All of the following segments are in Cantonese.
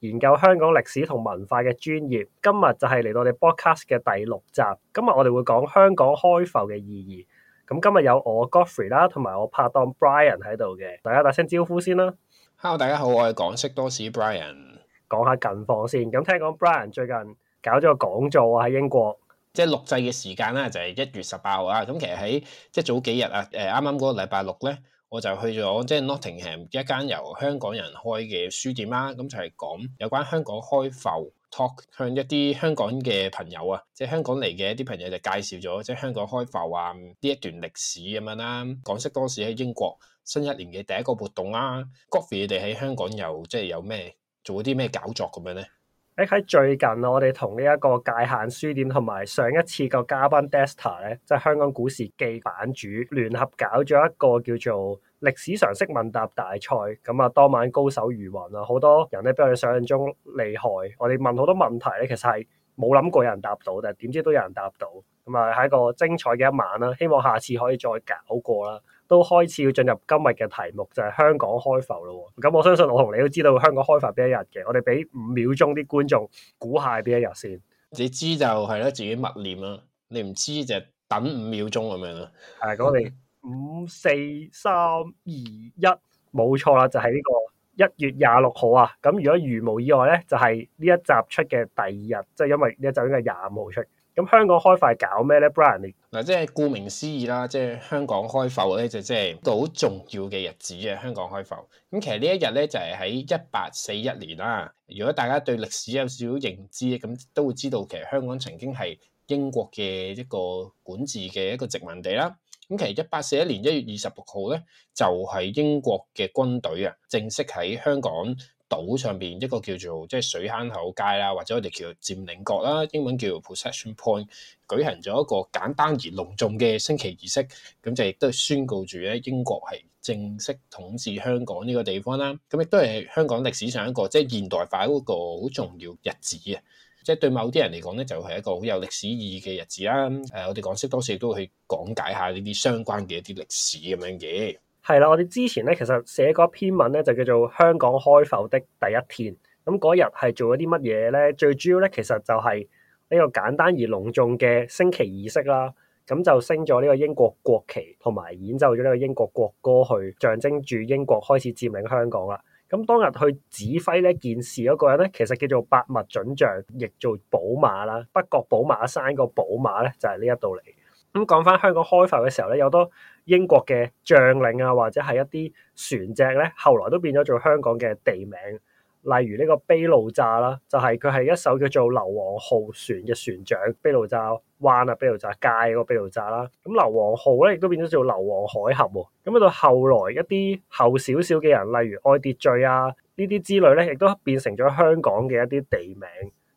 研究香港歷史同文化嘅專業，今日就係嚟到我哋 broadcast 嘅第六集。今日我哋會講香港開埠嘅意義。咁今日有我 Godfrey 啦，同埋我拍檔 Brian 喺度嘅，大家打聲招呼先啦。Hello 大家好，我係港式多士 Brian。講下近況先。咁聽講 Brian 最近搞咗個講座喺英國。即係錄製嘅時間咧，就係一月十八號啊。咁其實喺即係早幾日啊，誒啱啱嗰個禮拜六咧。我就去咗即係、就是、Nottingham 一間由香港人開嘅書店啦，咁就係講有關香港開埠 talk 向一啲香港嘅朋友啊，即、就、係、是、香港嚟嘅一啲朋友就介紹咗即係香港開埠啊呢一段歷史咁樣啦，港識當時喺英國新一年嘅第一個活動啦。Godfrey，你哋喺香港又即係、就是、有咩做咗啲咩搞作咁樣咧？喺最近啊，我哋同呢一個界限書店同埋上一次個嘉賓 Destar 咧，即係香港股市記版主，聯合搞咗一個叫做歷史常識問答大賽。咁啊，當晚高手如雲啊，好多人都比我哋想象中厲害。我哋問好多問題咧，其實係冇諗過有人答到，但係點知都有人答到。咁啊，係一個精彩嘅一晚啦。希望下次可以再搞過啦。都開始要進入今日嘅題目，就係香港開埠咯喎，咁我相信我同你都知道香港開埠邊一日嘅。我哋俾五秒鐘啲觀眾估下邊一日先。你知就係啦，自己默念啦。你唔知就等五秒鐘咁樣啦。誒，講嚟，五四三二一，冇錯啦，就係呢個一月廿六號啊。咁如果如無意外咧，就係呢一集出嘅第二日，即係因為呢一集應該係廿五號出。咁香港開埠搞咩咧，Brian？你嗱，即係顧名思義啦，即係香港開埠咧，就即係一個好重要嘅日子嘅香港開埠。咁其實呢一日咧就係喺一八四一年啦。如果大家對歷史有少少認知，咁都會知道其實香港曾經係英國嘅一個管治嘅一個殖民地啦。咁其實一八四一年一月二十六號咧，就係英國嘅軍隊啊，正式喺香港島上邊一個叫做即係水坑口街啦，或者我哋叫佔領角啦，英文叫 Possession Point，舉行咗一個簡單而隆重嘅升旗儀式，咁就亦都宣告住咧英國係正式統治香港呢個地方啦。咁亦都係香港歷史上一個即係、就是、現代化一個好重要日子啊！即、就、係、是、對某啲人嚟講咧，就係一個好有歷史意義嘅日子啦。誒，我哋港識多史亦都去講解下呢啲相關嘅一啲歷史咁樣嘅。係啦，我哋之前咧，其實寫過一篇文咧就叫做《香港開埠的第一天》。咁嗰日係做咗啲乜嘢咧？最主要咧，其實就係呢個簡單而隆重嘅升旗儀式啦。咁就升咗呢個英國國旗，同埋演奏咗呢個英國國歌，去象徵住英國開始佔領香港啦。咁當日去指揮呢件事嗰個人咧，其實叫做伯麥準將，亦做寶馬啦。北角寶馬山個寶馬咧，就係呢一度嚟嘅。咁講翻香港開埠嘅時候咧，有好多英國嘅將領啊，或者係一啲船隻咧，後來都變咗做香港嘅地名，例如呢個卑路乍啦，就係佢係一艘叫做硫磺號船嘅船長卑路乍灣啊，卑路乍街嗰個卑路乍啦。咁硫磺號咧，亦都變咗做硫磺海峽喎。咁到後來一啲後少少嘅人，例如愛秩序啊呢啲之類咧，亦都變成咗香港嘅一啲地名。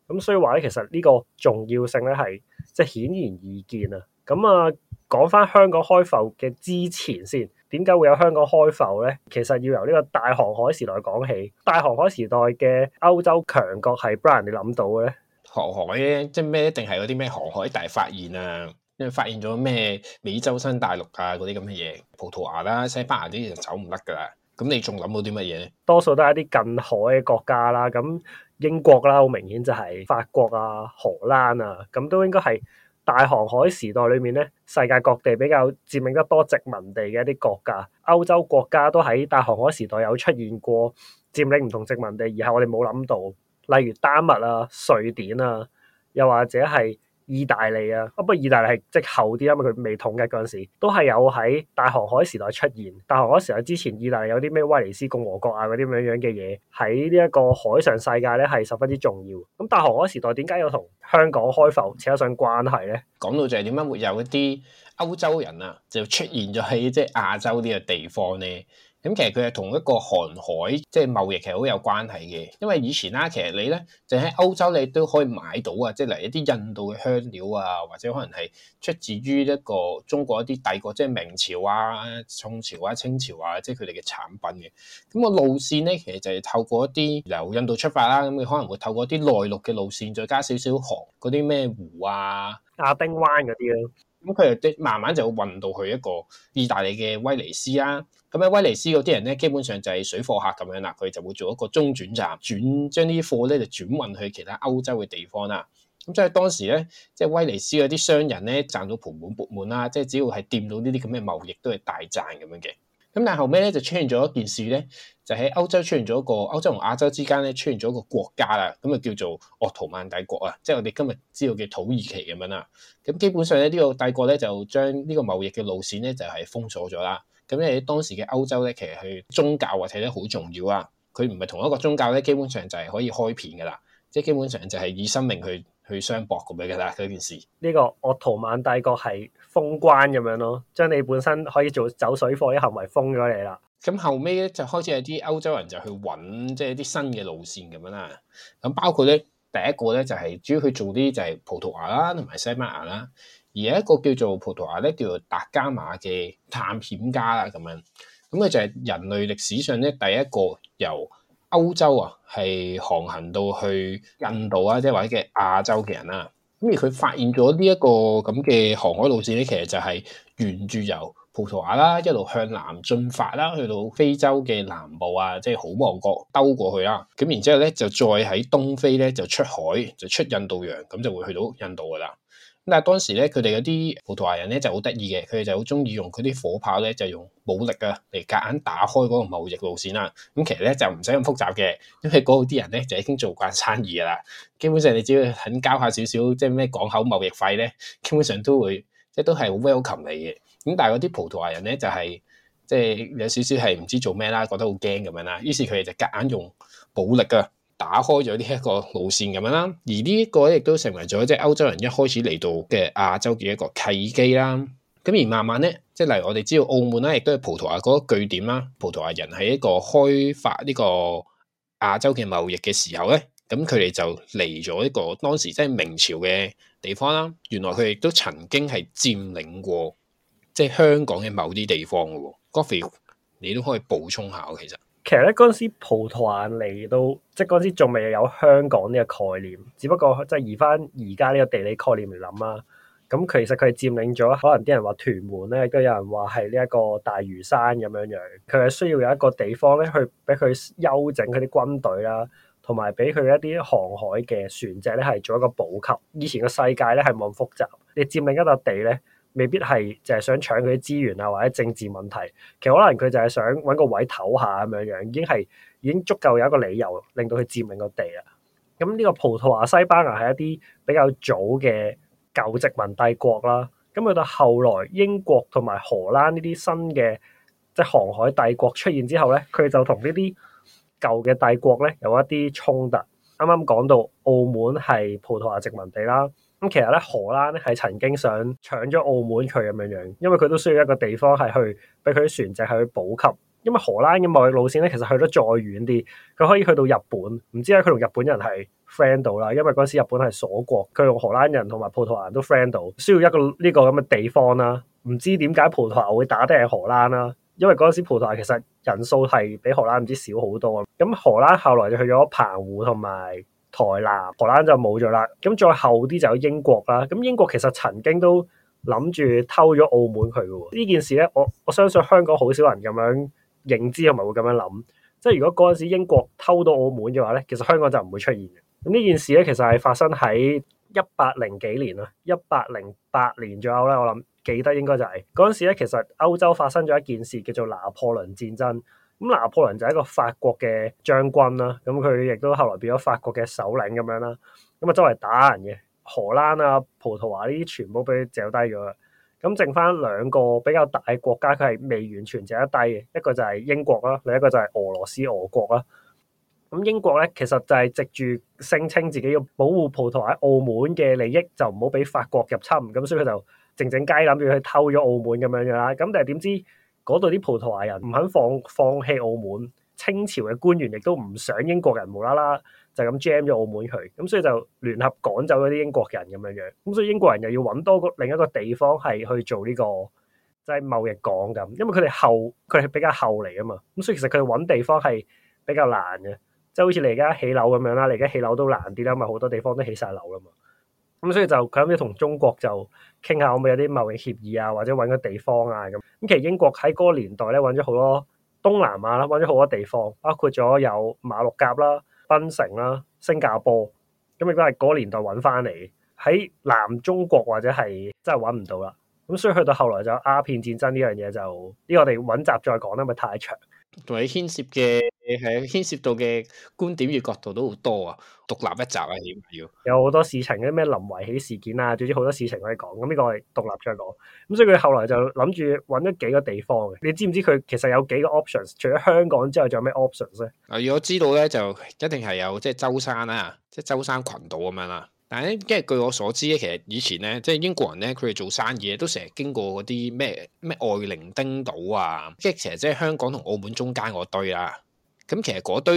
咁所以話咧，其實呢個重要性咧係即係顯然易見啊。咁啊，講翻香港開埠嘅之前先，點解會有香港開埠咧？其實要由呢個大航海時代講起。大航海時代嘅歐洲強國係不 a n 哋諗到嘅咧。航海即係咩？一定係嗰啲咩航海大發現啊？因發現咗咩美洲新大陸啊？嗰啲咁嘅嘢，葡萄牙啦、西班牙啲就走唔得噶啦。咁你仲諗到啲乜嘢咧？多數都係一啲近海嘅國家啦，咁英國啦，好明顯就係、是、法國啊、荷蘭啊，咁都應該係。大航海時代裏面咧，世界各地比較佔領得多殖民地嘅一啲國家，歐洲國家都喺大航海時代有出現過佔領唔同殖民地，而係我哋冇諗到，例如丹麥啊、瑞典啊，又或者係。意大利啊，不過意大利係即後啲，吖嘛。佢未統一嗰陣時，都係有喺大航海時代出現。大航海時代之前，意大利有啲咩威尼斯共和國啊，嗰啲咁樣樣嘅嘢喺呢一個海上世界咧，係十分之重要。咁大航海時代點解有同香港開埠扯上關係咧？講到就係點解會有一啲歐洲人啊，就出現咗喺即亞洲呢個地方咧。咁其實佢係同一個航海，即、就、係、是、貿易其實好有關係嘅。因為以前啦、啊，其實你咧，淨喺歐洲你都可以買到啊，即係嚟一啲印度嘅香料啊，或者可能係出自於一個中國一啲帝國，即係明朝啊、宋朝啊、清朝啊，即係佢哋嘅產品嘅。咁、嗯、個路線咧，其實就係透過一啲由印度出發啦、啊，咁、嗯、你可能會透過啲內陸嘅路線，再加少少航嗰啲咩湖啊、亞丁灣嗰啲咯。咁佢哋慢慢就會運到去一個意大利嘅威尼斯啦、啊。咁喺威尼斯嗰啲人咧，基本上就係水貨客咁樣啦。佢就會做一個中轉站，轉將呢啲貨咧就轉運去其他歐洲嘅地方啦。咁即係當時咧，即、就、係、是、威尼斯嗰啲商人咧，賺到盆滿缽滿啦。即係只要係掂到呢啲咁嘅貿易都，都係大賺咁樣嘅。咁但後尾咧就出現咗一件事咧，就喺、是、歐洲出現咗一個歐洲同亞洲之間咧出現咗一個國家啦，咁啊叫做鄂圖曼帝國啊，即係我哋今日知道嘅土耳其咁樣啦。咁基本上咧呢個帝國咧就將呢個貿易嘅路線咧就係封鎖咗啦。咁咧喺當時嘅歐洲咧，其實佢宗教或者咧好重要啊。佢唔係同一個宗教咧，基本上就係可以開片噶啦。即係基本上就係以生命去去相搏咁樣噶啦，佢件事。呢、這個鄂圖曼帝國係。封關咁樣咯，將你本身可以做走水貨啲行為封咗你啦。咁後尾咧就開始有啲歐洲人就去揾，即係啲新嘅路線咁樣啦。咁包括咧第一個咧就係、是、主要去做啲就係葡萄牙啦，同埋西班牙啦。而有一個叫做葡萄牙咧叫做達加馬嘅探險家啦，咁樣咁佢就係人類歷史上咧第一個由歐洲啊係航行到去印度啊，即係或者係亞洲嘅人啦、啊。咁而佢發現咗呢一個咁嘅航海路線咧，其實就係沿住由葡萄牙啦，一路向南進發啦，去到非洲嘅南部啊，即係好望角兜過去啦。咁然之後咧，就再喺東非咧就出海，就出印度洋，咁就會去到印度噶啦。嗱，但當時咧，佢哋嗰啲葡萄牙人咧就好得意嘅，佢哋就好中意用佢啲火炮咧，就用武力啊嚟夾硬打開嗰個貿易路線啦、啊。咁、嗯、其實咧就唔使咁複雜嘅，因為嗰度啲人咧就已經做慣生意啦。基本上你只要肯交下少少，即係咩港口貿易費咧，基本上都會即係都係好 welcome 嚟嘅。咁但係嗰啲葡萄牙人咧就係即係有少少係唔知做咩啦，覺得好驚咁樣啦，於是佢哋就夾硬用武力啊。打開咗呢一個路線咁樣啦，而呢一個亦都成為咗即係歐洲人一開始嚟到嘅亞洲嘅一個契機啦。咁而慢慢咧，即係例如我哋知道澳門啦，亦都係葡萄牙嗰個據點啦。葡萄牙人喺一個開發呢個亞洲嘅貿易嘅時候咧，咁佢哋就嚟咗一個當時即係明朝嘅地方啦。原來佢哋都曾經係佔領過即係香港嘅某啲地方喎。Godfrey，你都可以補充下嘅其實。其實咧嗰陣時葡萄牙嚟到，即係嗰陣時仲未有有香港呢個概念，只不過即係移翻而家呢個地理概念嚟諗啦。咁其實佢佔領咗，可能啲人話屯門咧都有人話係呢一個大嶼山咁樣樣。佢係需要有一個地方咧去俾佢休整佢啲軍隊啦，同埋俾佢一啲航海嘅船隻咧係做一個補給。以前嘅世界咧係冇咁複雜，你佔領一笪地咧。未必係就係想搶佢啲資源啊，或者政治問題。其實可能佢就係想搵個位唞下咁樣樣，已經係已經足夠有一個理由令到佢佔領個地啦。咁呢個葡萄牙、西班牙係一啲比較早嘅舊殖民帝國啦。咁去到後來，英國同埋荷蘭呢啲新嘅即係航海帝國出現之後咧，佢就同呢啲舊嘅帝國咧有一啲衝突。啱啱講到澳門係葡萄牙殖民地啦。咁其實咧，荷蘭咧係曾經想搶咗澳門佢咁樣樣，因為佢都需要一個地方係去俾佢啲船隻係去補給。因為荷蘭嘅貿易路線咧，其實去得再遠啲，佢可以去到日本。唔知咧，佢同日本人係 friend 到啦，因為嗰陣時日本係鎖國，佢同荷蘭人同埋葡萄牙都 friend 到，需要一個呢個咁嘅地方啦。唔知點解葡萄牙會打得贏荷蘭啦？因為嗰陣時葡萄牙其實人數係比荷蘭唔知少好多。咁、嗯、荷蘭後來就去咗澎湖同埋。台南、荷蘭就冇咗啦，咁再後啲就有英國啦。咁英國其實曾經都諗住偷咗澳門佢嘅喎。呢件事咧，我我相信香港好少人咁樣認知同埋會咁樣諗。即係如果嗰陣時英國偷到澳門嘅話咧，其實香港就唔會出現嘅。咁呢件事咧，其實係發生喺一八零幾年啦，一八零八年左右咧，我諗記得應該就係嗰陣時咧，其實歐洲發生咗一件事叫做拿破崙戰爭。咁拿破崙就係一個法國嘅將軍啦，咁佢亦都後來變咗法國嘅首領咁樣啦。咁啊周圍打人嘅荷蘭啊、葡萄牙呢啲全部俾佢嚼低咗啦。咁剩翻兩個比較大國家，佢係未完全掟得低嘅，一個就係英國啦，另一個就係俄羅斯俄國啦。咁英國咧其實就係藉住聲稱自己要保護葡萄牙澳門嘅利益，就唔好俾法國入侵，咁所以佢就靜靜雞諗住佢偷咗澳門咁樣嘅啦。咁但係點知？嗰度啲葡萄牙人唔肯放放棄澳門，清朝嘅官員亦都唔想英國人無啦啦就咁 jam 咗澳門去，咁所以就聯合趕走嗰啲英國人咁樣樣。咁所以英國人又要揾多個另一個地方係去做呢個即係貿易港咁，因為佢哋後佢係比較後嚟啊嘛。咁所以其實佢揾地方係比較難嘅，即係好似你而家起樓咁樣啦。你而家起樓都難啲啦，因為好多地方都起晒樓啦嘛。咁所以就佢啱啱要同中國就傾下，可唔可以有啲貿易協議啊，或者揾個地方啊咁。咁其實英國喺嗰個年代咧揾咗好多東南亞啦，揾咗好多地方，包括咗有馬六甲啦、檳城啦、新加坡，咁亦都係嗰個年代揾翻嚟。喺南中國或者係真係揾唔到啦。咁所以去到後來就鴉片戰爭呢樣嘢就呢、呢個我哋揾集再講啦，咪太長。同你牽涉嘅係牽涉到嘅觀點與角度都好多啊，獨立一集啊，起碼要，要有好多事情，啲咩林維喜事件啊，總之好多事情可以講。咁呢個係獨立將講，咁所以佢後來就諗住揾咗幾個地方嘅。你知唔知佢其實有幾個 options？除咗香港之外，仲有咩 options 咧？啊，如果知道咧，就一定係有即係舟山啊，即係舟山，山群島咁樣啦。但係，因為據我所知咧，其實以前咧，即係英國人咧，佢哋做生意都成日經過嗰啲咩咩愛伶仃島啊，即係其實即係香港同澳門中間嗰堆啊。咁其實嗰堆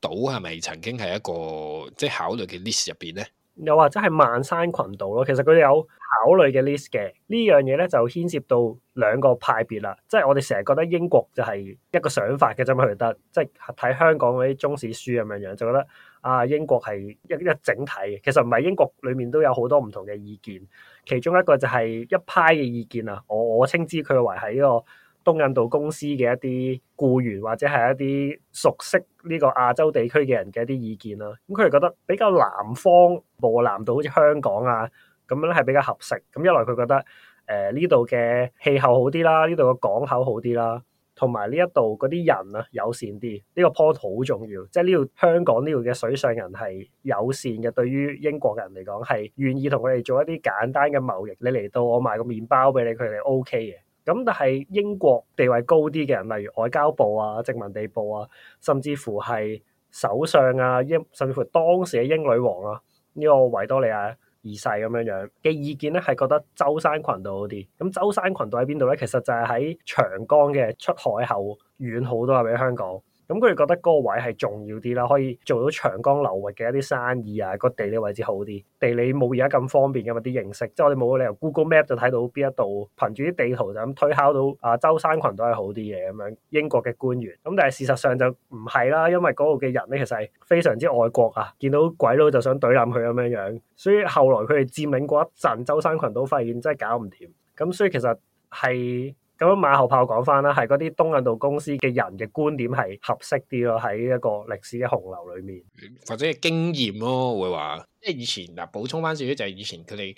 島係咪曾經係一個即係考慮嘅 list 入邊咧？又或者係萬山群島咯，其實佢哋有考慮嘅 list 嘅呢樣嘢咧，就牽涉到兩個派別啦。即係我哋成日覺得英國就係一個想法嘅啫嘛，覺得即係睇香港嗰啲中史書咁樣樣，就覺得啊英國係一一整體，其實唔係，英國裡面都有好多唔同嘅意見。其中一個就係一派嘅意見啊，我我稱之佢為係一個。東印度公司嘅一啲僱員或者係一啲熟悉呢個亞洲地區嘅人嘅一啲意見啦，咁佢哋覺得比較南方或南島，好似香港啊咁樣係比較合適。咁一來佢覺得誒呢度嘅氣候好啲啦，呢度嘅港口好啲啦，同埋呢一度嗰啲人啊友善啲。呢個 point 好重要，即係呢度香港呢度嘅水上人係友善嘅，對於英國人嚟講係願意同佢哋做一啲簡單嘅貿易。你嚟到我賣個麵包俾你，佢哋 O K 嘅。咁但係英國地位高啲嘅人，例如外交部啊、殖民地部啊，甚至乎係首相啊，英甚至乎當時嘅英女王啊，呢、這個維多利亞二世咁樣樣嘅意見咧，係覺得舟山群島好啲。咁舟山群島喺邊度咧？其實就係喺長江嘅出海口，遠好多啊，比香港。咁佢哋覺得嗰個位係重要啲啦，可以做到長江流域嘅一啲生意啊，個地理位置好啲，地理冇而家咁方便嘅。嘛，啲形式，即係我哋冇理由 Google Map 就睇到邊一度，憑住啲地圖就咁推敲到啊，舟山群島係好啲嘢。咁樣，英國嘅官員。咁但係事實上就唔係啦，因為嗰度嘅人咧其實係非常之愛國啊，見到鬼佬就想懟冧佢咁樣樣，所以後來佢哋佔領嗰一陣，舟山群島發現真係搞唔掂，咁所以其實係。咁馬後炮講翻啦，係嗰啲東印度公司嘅人嘅觀點係合適啲咯，喺一個歷史嘅洪流裏面，或者經驗咯，會話。即係以前嗱，補充翻少少，就係以前佢哋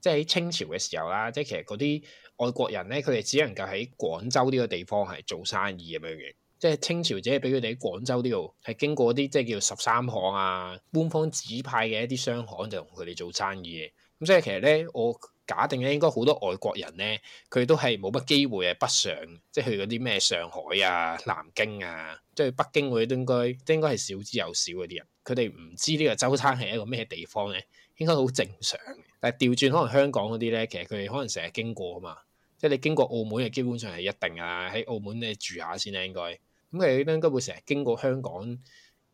即係喺清朝嘅時候啦，即係其實嗰啲外國人咧，佢哋只能夠喺廣州呢個地方係做生意咁樣嘅。即係清朝只係俾佢哋喺廣州呢度係經過啲即係叫十三行啊，官方指派嘅一啲商行就同佢哋做生意嘅。咁所以其實咧，我。假定咧，應該好多外國人咧，佢都係冇乜機會啊，北上即係去嗰啲咩上海啊、南京啊，即係北京嗰啲都應該都應該係少之又少嗰啲人。佢哋唔知呢個周餐係一個咩地方咧，應該好正常。但係調轉可能香港嗰啲咧，其實佢哋可能成日經過啊嘛，即係你經過澳門係基本上係一定啊，喺澳門咧住下先啦應該。咁佢哋咧應該會成日經過香港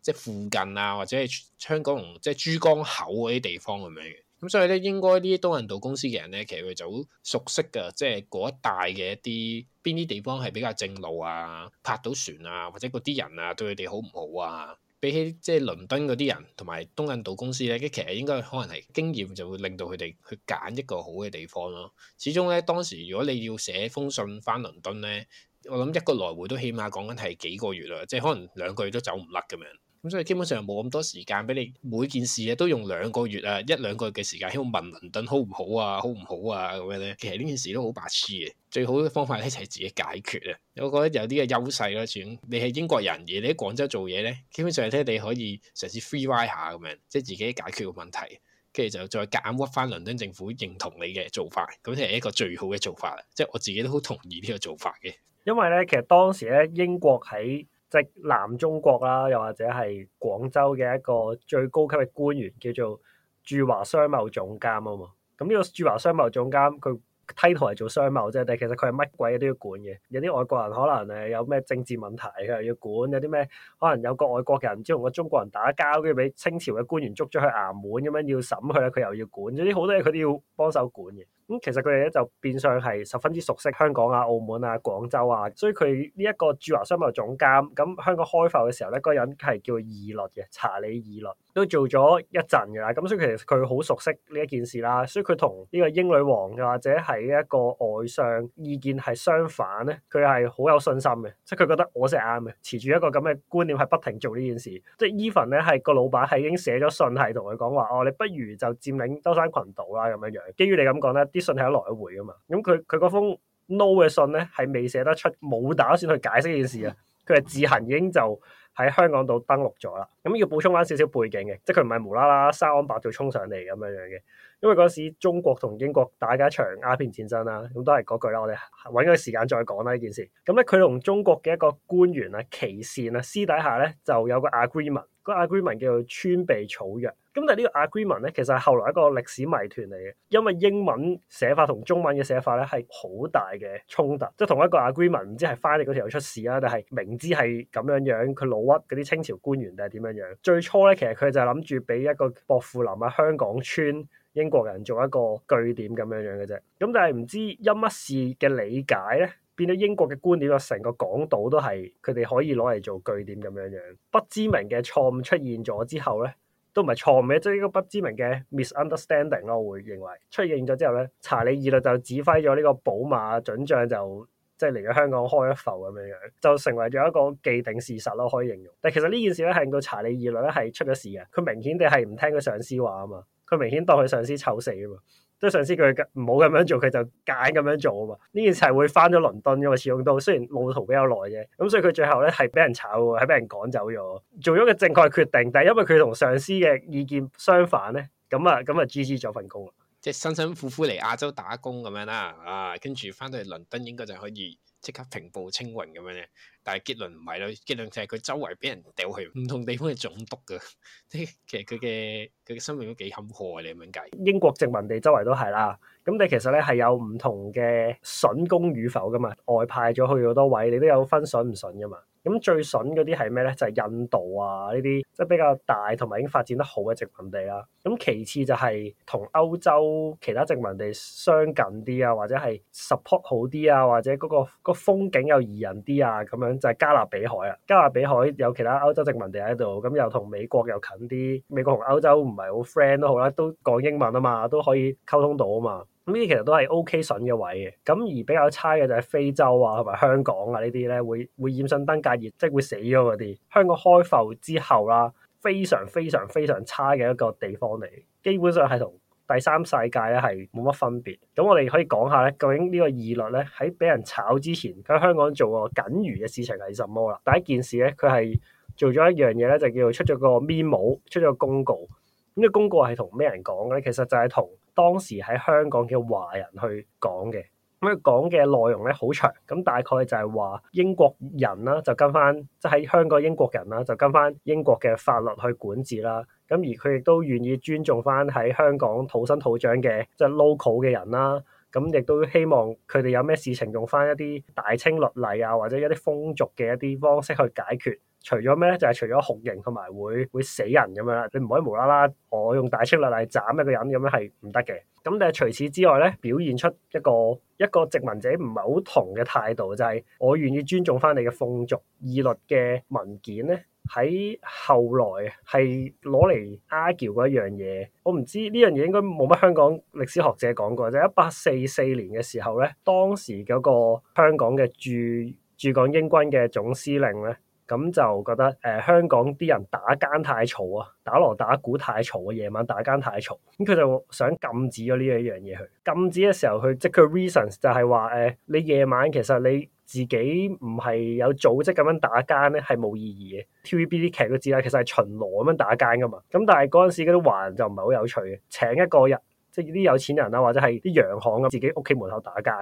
即係附近啊，或者係香港即係珠江口嗰啲地方咁樣嘅。是咁所以咧，應該啲東印度公司嘅人咧，其實佢就好熟悉㗎，即係嗰一帶嘅一啲邊啲地方係比較正路啊，泊到船啊，或者嗰啲人啊，對佢哋好唔好啊？比起即係倫敦嗰啲人同埋東印度公司咧，其實應該可能係經驗就會令到佢哋去揀一個好嘅地方咯，啊。始終咧，當時如果你要寫封信返倫敦咧，我諗一個來回都起碼講緊係幾個月啦，即係可能兩個月都走唔甩咁樣。咁所以基本上冇咁多時間俾你，每件事咧都用兩個月啊，一兩個月嘅時間喺度問倫敦好唔好啊，好唔好啊咁樣咧。其實呢件事都好白痴嘅，最好嘅方法咧就係自己解決啊！我覺得有啲嘅優勢咯，算你係英國人而你喺廣州做嘢咧，基本上咧你可以嘗試 free ride 下咁樣，即係自己解決個問題，跟住就再夾硬屈翻倫敦政府認同你嘅做法，咁先係一個最好嘅做法。即係我自己都好同意呢個做法嘅。因為咧，其實當時咧，英國喺即係南中國啦，又或者係廣州嘅一個最高級嘅官員，叫做駐華商務總監啊嘛。咁呢個駐華商務總監，佢梯台做商務啫，但係其實佢係乜鬼都要管嘅。有啲外國人可能誒有咩政治問題，佢又要管；有啲咩可能有個外國人唔知同個中國人打交，跟住俾清朝嘅官員捉咗去衙門咁樣要審佢，佢又要管。有啲好多嘢佢都要幫手管嘅。咁其實佢哋咧就變相係十分之熟悉香港啊、澳門啊、廣州啊，所以佢呢一個駐華商務總監，咁香港開埠嘅時候咧，嗰人係叫義律嘅查理義律，都做咗一陣㗎啦，咁所以其實佢好熟悉呢一件事啦，所以佢同呢個英女王、啊，又或者係一個外相意見係相反咧，佢係好有信心嘅，即係佢覺得我先啱嘅，持住一個咁嘅觀念係不停做呢件事，即係 Evan 咧係個老闆係已經寫咗信係同佢講話，哦，你不如就佔領舟山群島啦咁樣樣，基於你咁講咧。啲信係來回噶嘛，咁佢佢封 no 嘅信咧係未寫得出，冇打算去解釋呢件事啊。佢係自行已經就喺香港度登陸咗啦。咁、嗯、要補充翻少少背景嘅，即係佢唔係無啦啦生安白造衝上嚟咁樣樣嘅，因為嗰時中國同英國打緊一場鴉片戰爭啦。咁、嗯、都係嗰句啦，我哋搵個時間再講啦呢件事。咁、嗯、咧，佢同中國嘅一個官員啊，琦善啊，私底下咧就有個 agreement。一個 agreement 叫做「穿鼻草約」，咁但係呢個 agreement 咧，其實係後來一個歷史謎團嚟嘅，因為英文寫法同中文嘅寫法咧係好大嘅衝突，即係同一個 agreement 唔知係翻譯嗰條友出事啦，但係明知係咁樣樣，佢老屈嗰啲清朝官員定係點樣樣？最初咧，其實佢就諗住俾一個薄富林啊香港村英國人做一個據點咁樣樣嘅啫，咁但係唔知因乜事嘅理解咧？變到英國嘅觀點，成個港島都係佢哋可以攞嚟做據點咁樣樣。不知名嘅錯誤出現咗之後咧，都唔係錯誤嘅，即係呢個不知名嘅 misunderstanding 咯。我會認為出現咗之後咧，查理義律就指揮咗呢個寶馬準將就即係嚟咗香港開一埠咁樣樣，就成為咗一個既定事實咯，可以形容。但其實呢件事咧，係個查理義律咧係出咗事嘅，佢明顯地係唔聽佢上司話啊嘛，佢明顯當佢上司臭死啊嘛。即係上司叫佢唔好咁樣做，佢就硬咁樣做啊嘛！呢件事係會翻咗倫敦噶嘛，始終都雖然路途比較耐啫，咁所以佢最後咧係俾人炒喎，係俾人趕走咗，做咗個正確決定，但係因為佢同上司嘅意見相反咧，咁啊咁啊，辭職咗份工，即係辛辛苦苦嚟亞洲打工咁樣啦，啊，跟住翻到嚟倫敦應該就可以即刻平步青雲咁樣嘅。但係結論唔係咯，結論就係佢周圍俾人掉去唔同地方嘅總督㗎。即係其實佢嘅佢嘅生命都幾坎坷啊！你咁樣計英國殖民地周圍都係啦。咁你其實咧係有唔同嘅筍工與否噶嘛？外派咗去好多位，你都有分筍唔筍噶嘛？咁最筍嗰啲係咩咧？就係印度啊，呢啲即係比較大同埋已經發展得好嘅殖民地啦。咁其次就係同歐洲其他殖民地相近啲啊，或者係 support 好啲啊，或者嗰個個風景又宜人啲啊，咁樣就係加勒比海啊。加勒比海有其他歐洲殖民地喺度，咁又同美國又近啲。美國同歐洲唔係好 friend 都好啦，都講英文啊嘛，都可以溝通到啊嘛。咁呢啲其實都係 O K 筍嘅位嘅，咁而比較差嘅就係非洲啊同埋香港啊呢啲咧，會會染上登革熱，即係會死咗嗰啲。香港開埠之後啦，非常非常非常差嘅一個地方嚟，基本上係同第三世界咧係冇乜分別。咁我哋可以講下咧，究竟呢個義律咧喺俾人炒之前，喺香港做過僅餘嘅事情係什麼啦？第一件事咧，佢係做咗一樣嘢咧，就叫做出咗個 memo，出咗個公告。咁呢個公告係同咩人講嘅咧？其實就係同當時喺香港嘅華人去講嘅，咁佢講嘅內容咧，好長，咁大概就係話英國人啦就跟翻，即係香港英國人啦就跟翻英國嘅法律去管治啦，咁而佢亦都願意尊重翻喺香港土生土長嘅即係 local 嘅人啦。咁亦都希望佢哋有咩事情用翻一啲大清律例啊，或者一啲風俗嘅一啲方式去解決。除咗咩咧，就係除咗酷刑同埋會會死人咁樣啦。你唔可以無啦啦我用大清律例斬一個人咁樣係唔得嘅。咁但係除此之外咧，表現出一個一個殖民者唔係好同嘅態度，就係我願意尊重翻你嘅風俗，義律嘅文件咧喺後來係攞嚟 argue 嗰一樣嘢，我唔知呢樣嘢應該冇乜香港歷史學者講過。就係一八四四年嘅時候咧，當時嗰個香港嘅駐駐港英軍嘅總司令咧，咁就覺得誒、呃、香港啲人打更太嘈啊，打鑼打鼓太嘈啊，夜晚打更太嘈，咁佢就想禁止咗呢一樣嘢去。禁止嘅時候，佢即佢 reasons 就係話誒，你夜晚其實你。自己唔係有組織咁樣打奸咧，係冇意義嘅。TVB 啲劇都知啦，其實係巡邏咁樣打奸噶嘛。咁但係嗰陣時嗰啲環就唔係好有趣嘅。請一個人，即係啲有錢人啊，或者係啲洋行咁，自己屋企門口打奸，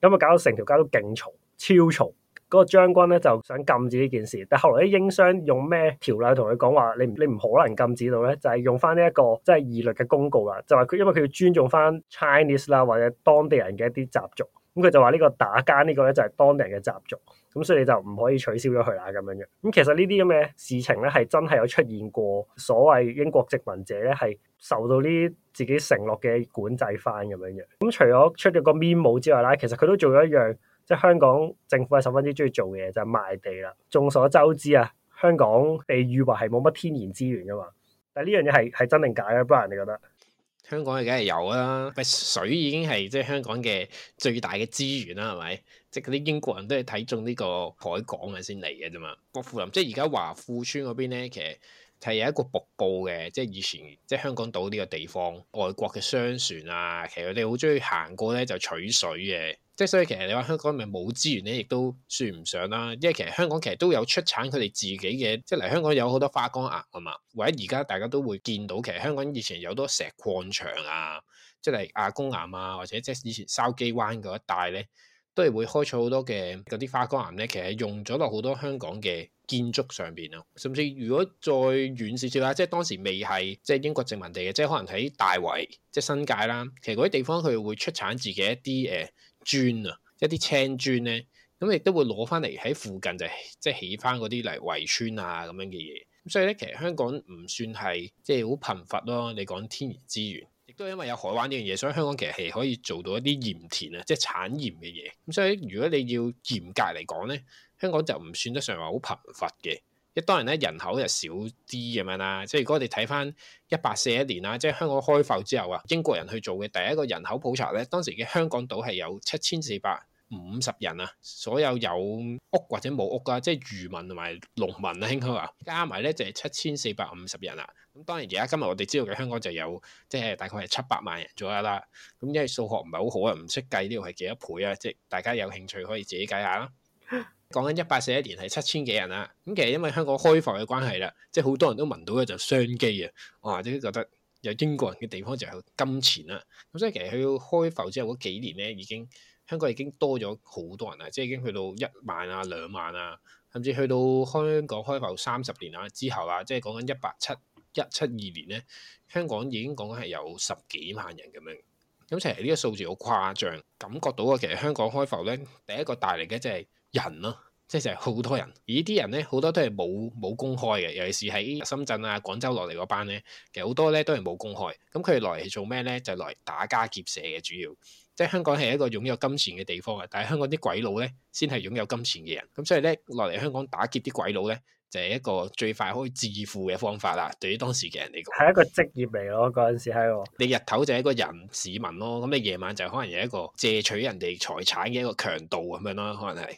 咁啊搞到成條街都勁嘈，超嘈。嗰、那個將軍咧就想禁止呢件事，但係後來啲英商用咩條例同佢講話，你你唔可能禁止到咧，就係、是、用翻呢一個即係義律嘅公告啦，就話、是、佢因為佢要尊重翻 Chinese 啦，或者當地人嘅一啲習俗。佢就話呢個打奸呢個咧就係當地人嘅習俗，咁所以你就唔可以取消咗佢啦咁樣嘅。咁其實呢啲咁嘅事情咧係真係有出現過，所謂英國殖民者咧係受到呢自己承諾嘅管制翻咁樣嘅。咁除咗出咗個 memo 之外啦，其實佢都做咗一樣，即係香港政府係十分之中意做嘅嘢就係賣地啦。眾所周知啊，香港被譽為係冇乜天然資源噶嘛，但係呢樣嘢係係真定假咧？Brian，你覺得？香港嘅梗係有啦，咪水已經係即係香港嘅最大嘅資源啦，係咪？即係嗰啲英國人都係睇中呢個海港啊先嚟嘅啫嘛。薄扶林即係而家華富村嗰邊咧，其實係有一個瀑布嘅，即係以前即係香港島呢個地方，外國嘅商船啊，其實佢哋好中意行過咧就取水嘅。即係所以，其實你話香港咪冇資源咧，亦都算唔上啦。因為其實香港其實都有出產佢哋自己嘅，即係嚟香港有好多花崗岩啊嘛。或者而家大家都會見到，其實香港以前有好多石礦場啊，即係嚟阿公岩啊，或者即係以前筲箕灣嗰一帶咧，都係會開採好多嘅嗰啲花崗岩咧。其實用咗落好多香港嘅建築上邊啊。甚至如果再遠少少啦，即係當時未係即係英國殖民地嘅，即係可能喺大圍即係新界啦。其實嗰啲地方佢會出產自己一啲誒。呃磚啊，磚一啲青磚咧，咁亦都會攞翻嚟喺附近就即係起翻嗰啲嚟圍村啊咁樣嘅嘢。咁所以咧，其實香港唔算係即係好貧乏咯。你講天然資源，亦都係因為有海灣呢樣嘢，所以香港其實係可以做到一啲鹽田啊，即係產鹽嘅嘢。咁所以如果你要嚴格嚟講咧，香港就唔算得上話好貧乏嘅。一當然咧，人口又少啲咁樣啦。即係如果我哋睇翻一八四一年啦，即係香港開埠之後啊，英國人去做嘅第一個人口普查咧，當時嘅香港島係有七千四百五十人啊，所有有屋或者冇屋啦，即係漁民同埋農民啊，應該話加埋咧就係七千四百五十人啦。咁當然而家今日我哋知道嘅香港就有即係大概係七百萬人左右啦。咁因為數學唔係好好啊，唔識計呢個係幾多倍啊，即係大家有興趣可以自己計下啦。講緊一八四一年係七千幾人啊，咁其實因為香港開埠嘅關係啦，即係好多人都聞到嘅就商機啊，或者覺得有英國人嘅地方就有金錢啦。咁所以其實去到開埠之後嗰幾年咧，已經香港已經多咗好多人啊，即係已經去到一萬啊、兩萬啊，甚至去到香港開埠三十年啊之後啊，即係講緊一八七一七二年咧，香港已經講緊係有十幾萬人咁樣。咁其實呢個數字好誇張，感覺到嘅其實香港開埠咧，第一個帶嚟嘅就係、是。人咯，啊，即係成好多人。而啲人咧，好多都係冇冇公開嘅，尤其是喺深圳啊、廣州落嚟嗰班咧，其實好多咧都係冇公開。咁佢哋嚟做咩咧？就嚟、是、打家劫舍嘅主要。即係香港係一個擁有金錢嘅地方啊，但係香港啲鬼佬咧先係擁有金錢嘅人。咁所以咧，落嚟香港打劫啲鬼佬咧，就係、是、一個最快可以致富嘅方法啦。對於當時嘅人嚟講，係一個職業嚟咯。嗰陣時喺我、哦，你日頭就係一個人市民咯，咁你夜晚就可能有一個借取人哋財產嘅一個強盜咁樣咯，可能係。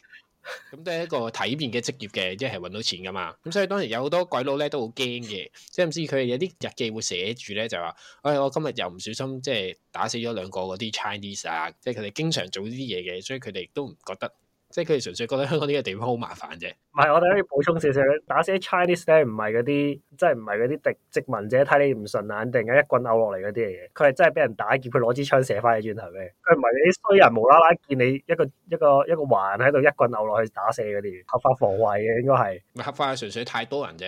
咁 都係一個體面嘅職業嘅，即係搵到錢噶嘛。咁所以當時有好多鬼佬咧都好驚嘅，即係唔知佢哋有啲日記會寫住咧就話，哎，我我今日又唔小心即係打死咗兩個嗰啲 Chinese 啊，即係佢哋經常做呢啲嘢嘅，所以佢哋都唔覺得。即係佢哋純粹覺得香港呢個地方好麻煩啫。唔係，我哋可以補充少少，打死 Chinese 咧，唔係嗰啲，即係唔係嗰啲殖民者睇你唔順眼，突然間一棍毆落嚟嗰啲嘢。佢係真係俾人打劫。佢攞支槍射翻你轉頭咩？佢唔係嗰啲衰人，無啦啦見你一個一個一個環喺度一棍毆落去打死嗰啲合法防衞嘅，應該係咪係合法？純粹太多人啫，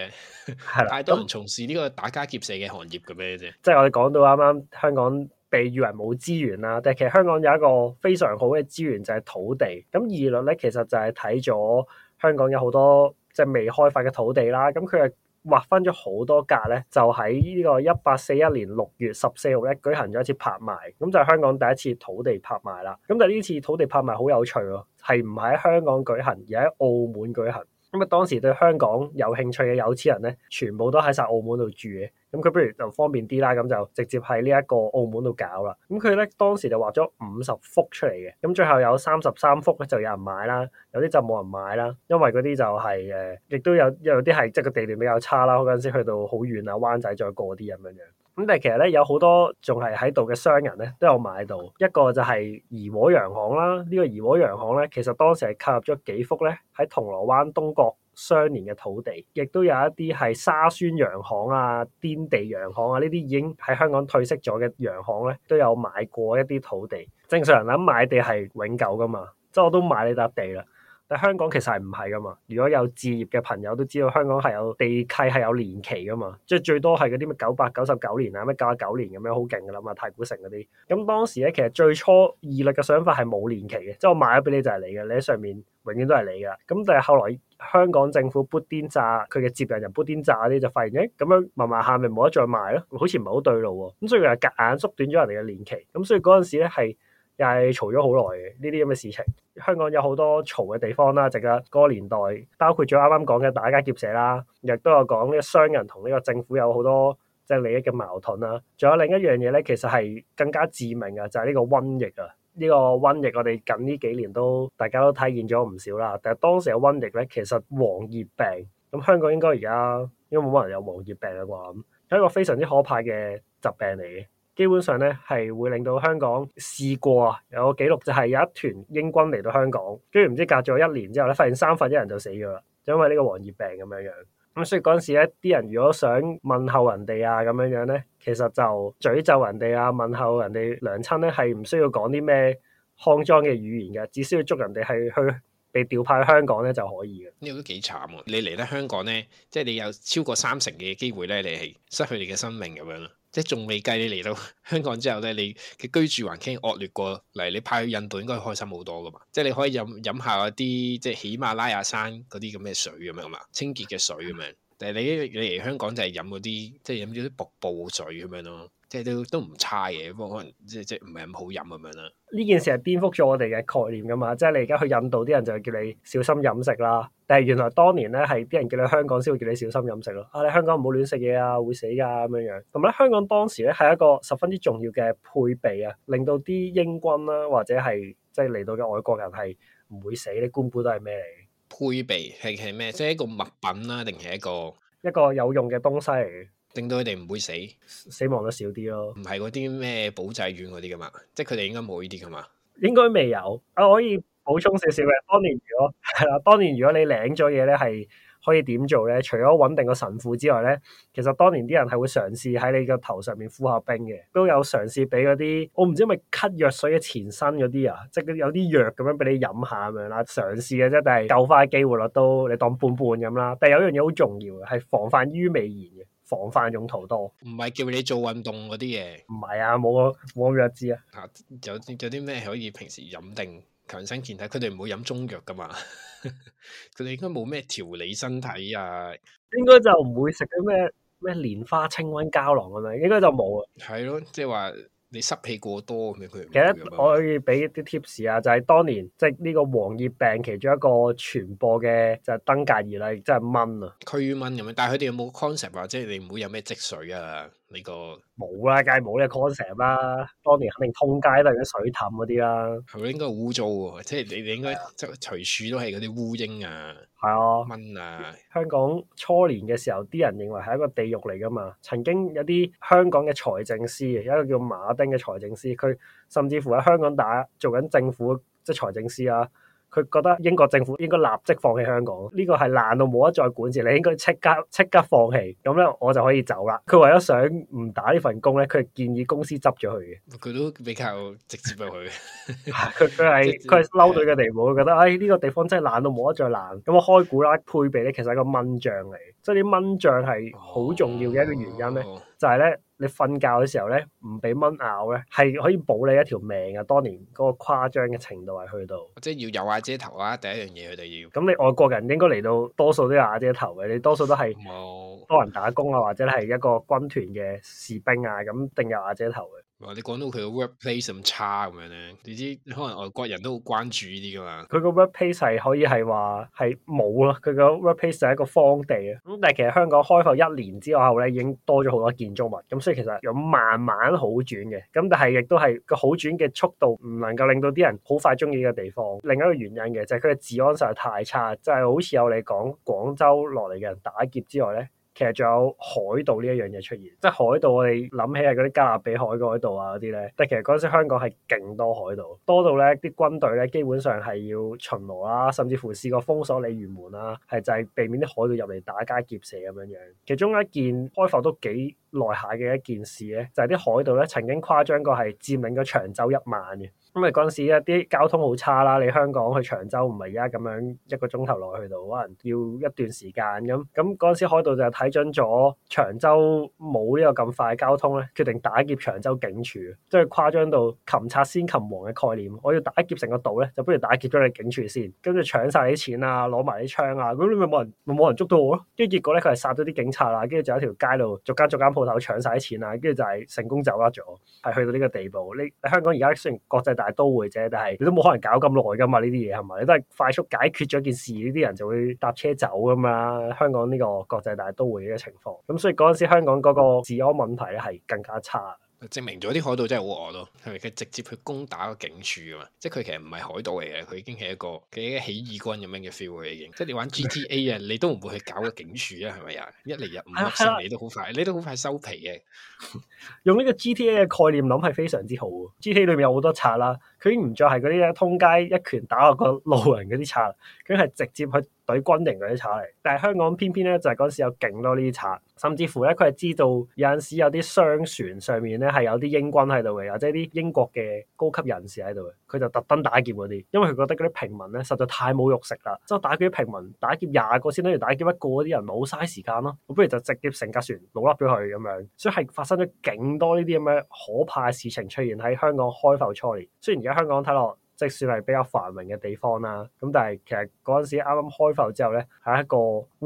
係啦，太多人從事呢個打家劫舍嘅行業咁樣啫。嗯、即係我哋講到啱啱香港。係以為冇資源啦，但其實香港有一個非常好嘅資源就係、是、土地。咁義律咧，其實就係睇咗香港有好多即係、就是、未開發嘅土地啦。咁佢又劃分咗好多格咧，就喺呢個一八四一年六月十四號咧舉行咗一次拍賣，咁就係香港第一次土地拍賣啦。咁但呢次土地拍賣好有趣喎，係唔喺香港舉行，而喺澳門舉行。咁啊，當時對香港有興趣嘅有錢人咧，全部都喺晒澳門度住嘅。咁佢不如就方便啲啦，咁就直接喺呢一個澳門度搞啦。咁佢咧當時就畫咗五十幅出嚟嘅。咁最後有三十三幅咧，就有人買啦，有啲就冇人買啦，因為嗰啲就係、是、誒，亦、呃、都有有啲係即係個地段比較差啦。嗰陣時去到好遠啊，灣仔再過啲咁樣樣。咁但係其實咧，有好多仲係喺度嘅商人咧，都有買到。一個就係怡和洋行啦，呢、這個怡和洋行咧，其實當時係購入咗幾幅咧喺銅鑼灣東角相連嘅土地，亦都有一啲係沙宣洋行啊、顛地洋行啊呢啲已經喺香港退息咗嘅洋行咧，都有買過一啲土地。正常人諗買地係永久㗎嘛，即係我都買你笪地啦。但香港其實係唔係噶嘛？如果有置業嘅朋友都知道，香港係有地契係有年期噶嘛，即係最多係嗰啲咩九百九十九年啊，咩九十九年咁樣好勁噶啦嘛，太古城嗰啲。咁當時咧，其實最初義律嘅想法係冇年期嘅，即係我賣咗俾你就係你嘅，你喺上面永遠都係你噶。咁但係後來香港政府砵甸乍佢嘅接任人砵甸乍嗰啲，就發現誒咁樣慢慢下面冇得再賣咯，好似唔係好對路喎。咁所以佢就夾硬縮短咗人哋嘅年期。咁所以嗰陣時咧係。又係嘈咗好耐嘅呢啲咁嘅事情，香港有好多嘈嘅地方啦，即係嗰個年代，包括咗啱啱講嘅打家劫舍啦，亦都有講呢個商人同呢個政府有好多即係利益嘅矛盾啦。仲有另一樣嘢咧，其實係更加致命嘅，就係呢個瘟疫啊！呢個瘟疫我哋近呢幾年都大家都體現咗唔少啦。但係當時嘅瘟疫咧，其實黃熱病，咁香港應該而家應該冇乜人有黃熱病啦啩，咁係一個非常之可怕嘅疾病嚟嘅。基本上咧，係會令到香港試過啊，有個記錄就係有一團英軍嚟到香港，跟住唔知隔咗一年之後咧，發現三分一人就死咗啦，就因為呢個黃熱病咁樣樣。咁所以嗰陣時咧，啲人如果想問候人哋啊咁樣樣咧，其實就詛咒人哋啊，問候人哋娘親咧，係唔需要講啲咩康莊嘅語言嘅，只需要捉人哋係去被調派去香港咧就可以嘅。呢個都幾慘喎！你嚟得香港咧，即係你有超過三成嘅機會咧，你係失去你嘅生命咁樣咯。即係仲未計你嚟到香港之後咧，你嘅居住環境惡劣過嚟，你派去印度應該會開心好多㗎嘛？即係你可以飲飲下嗰啲即係喜馬拉雅山嗰啲咁嘅水咁樣嘛，清潔嘅水咁樣。但係你你嚟香港就係飲嗰啲即係飲咗啲瀑布水咁樣咯。都唔差嘅，不過可能即係即係唔係咁好飲咁樣啦。呢件事係顛覆咗我哋嘅概念，噶嘛，即係你而家去印度啲人就叫你小心飲食啦，但係原來當年咧，係啲人叫你香港先會叫你小心飲食咯。啊，你香港唔好亂食嘢啊，會死噶，咁、啊、樣樣。咁咧香港當時咧，係一個十分之重要嘅配備啊，令到啲英軍啦、啊、或者係即係嚟到嘅外國人係唔會死。啲官補都係咩嚟？配備係係咩？即係一個物品啦，定係一個一個有用嘅東西嚟嘅。令到佢哋唔會死，死亡得少啲咯。唔係嗰啲咩保濟丸嗰啲噶嘛？即係佢哋應該冇呢啲噶嘛？應該未有啊。我可以補充少少嘅。當年如果係啦，當年如果你領咗嘢咧，係可以點做咧？除咗穩定個神父之外咧，其實當年啲人係會嘗試喺你個頭上面敷下冰嘅，都有嘗試俾嗰啲我唔知係咪咳藥水嘅前身嗰啲啊，即係有啲藥咁樣俾你飲下咁樣啦，嘗試嘅啫。但係救快嘅機會率都你當半半咁啦。但係有一樣嘢好重要嘅，係防範於未然嘅。防範用途多，唔係叫你做運動嗰啲嘢，唔係啊，冇冇咁弱智啊？吓、啊，有有啲咩可以平時飲定強身健體？佢哋唔會飲中藥噶嘛？佢 哋應該冇咩調理身體啊？應該就唔會食啲咩咩蓮花清瘟膠囊咁樣，應該就冇啊？係咯，即係話。你濕氣過多，咁佢其實我可以俾一啲 tips 啊，就係、是、當年即係呢個黃熱病其中一個傳播嘅就係登革熱啦，即、就、係、是、蚊啊，驅蚊咁樣。但係佢哋有冇 concept，或者你唔會有咩積水啊？呢、這個冇啦，梗係冇呢 concept 啦。當年肯定通街都係啲水氹嗰啲啦。係咪應該污糟喎，即係你你應該即係隨處都係嗰啲烏蠅啊，係啊，蚊啊。香港初年嘅時候，啲人認為係一個地獄嚟噶嘛。曾經有啲香港嘅財政司，有一個叫馬丁嘅財政司，佢甚至乎喺香港打做緊政府即係財政司啊。佢覺得英國政府應該立即放棄香港，呢、這個係爛到冇得再管治，你應該即刻即刻放棄，咁咧我就可以走啦。佢為咗想唔打呢份工咧，佢建議公司執咗佢嘅。佢都比較直接入去佢佢係佢係嬲到嘅地步，佢覺得誒呢、哎這個地方真係爛到冇得再爛。咁我開估啦，配備咧其實係個蚊帳嚟，即係啲蚊帳係好重要嘅一個原因咧，哦、就係咧。你瞓覺嘅時候咧，唔俾蚊咬咧，係可以保你一條命嘅。當年嗰個誇張嘅程度係去到，即係要有瓦遮頭啊！第一樣嘢佢哋要。咁你外國人應該嚟到多數都有瓦遮頭嘅，你多數都係多人打工啊，或者係一個軍團嘅士兵啊，咁定有瓦遮頭嘅。話你講到佢個 workplace 咁差咁樣咧，你知可能外國人都好關注呢啲噶嘛。佢個 workplace 係可以係話係冇咯，佢個 workplace 就係一個荒地。咁但係其實香港開埠一年之後咧，已經多咗好多建築物，咁所以其實有慢慢好轉嘅。咁但係亦都係個好轉嘅速度唔能夠令到啲人好快中意呢個地方。另一個原因嘅就係佢嘅治安實在太差，就係好似有你講廣州落嚟嘅人打劫之外咧。其實仲有海盜呢一樣嘢出現，即係海盜，我哋諗起係嗰啲加勒比海嘅海盜啊，嗰啲咧，但其實嗰陣時香港係勁多海盜，多到咧啲軍隊咧基本上係要巡邏啦，甚至乎試過封鎖鯉魚門啦，係就係避免啲海盜入嚟打家劫舍咁樣樣。其中一件開埠都幾耐下嘅一件事咧，就係、是、啲海盜咧曾經誇張過係佔領咗長洲一晚嘅。因為嗰陣時一啲交通好差啦，你香港去長洲唔係而家咁樣一個鐘頭內去到，可能要一段時間咁。咁嗰陣時海盜就睇準咗長洲冇呢個咁快嘅交通咧，決定打劫長洲警署，即係誇張到擒賊先擒王嘅概念。我要打劫成個島咧，就不如打劫咗你警署先，跟住搶晒啲錢啊，攞埋啲槍啊，咁你咪冇人冇人捉到我咯、啊。跟住結果咧，佢係殺咗啲警察啦，跟住就喺條街度逐間逐間鋪頭搶晒啲錢啦，跟住就係成功走甩咗，係去到呢個地步。你香港而家雖然國際大大都會啫，但係你都冇可能搞咁耐㗎嘛。呢啲嘢係咪？你都係快速解決咗件事，呢啲人就會搭車走㗎嘛。香港呢個國際大都會嘅情況，咁所以嗰陣時香港嗰個治安問題係更加差。證明咗啲海盜真係好惡咯，係咪佢直接去攻打個警署啊嘛？即係佢其實唔係海盜嚟嘅，佢已經係一個佢一個起義軍咁樣嘅 feel 嘅已經。即係你玩 GTA 啊，的你都唔會去搞個警署啊，係咪啊？一嚟入五入城的你都好快，你都好快收皮嘅。 用呢個 GTA 嘅概念諗係非常之好。GTA 裏面有好多賊啦，佢唔再係嗰啲通街一拳打落個路人嗰啲賊，佢係直接去。隊軍營嗰啲賊嚟，但係香港偏偏咧就係嗰時有勁多呢啲賊，甚至乎咧佢係知道有陣時有啲商船上面咧係有啲英軍喺度嘅，或者啲英國嘅高級人士喺度嘅，佢就特登打劫嗰啲，因為佢覺得嗰啲平民咧實在太冇肉食啦，即打劫啲平民，打劫廿個先等於打劫一個，嗰啲人好嘥時間咯，我不如就直接成架船老笠咗佢咁樣，所以係發生咗勁多呢啲咁嘅可怕事情出現喺香港開埠初年，雖然而家香港睇落。即算係比較繁榮嘅地方啦，咁但係其實嗰陣時啱啱開埠之後咧，係一個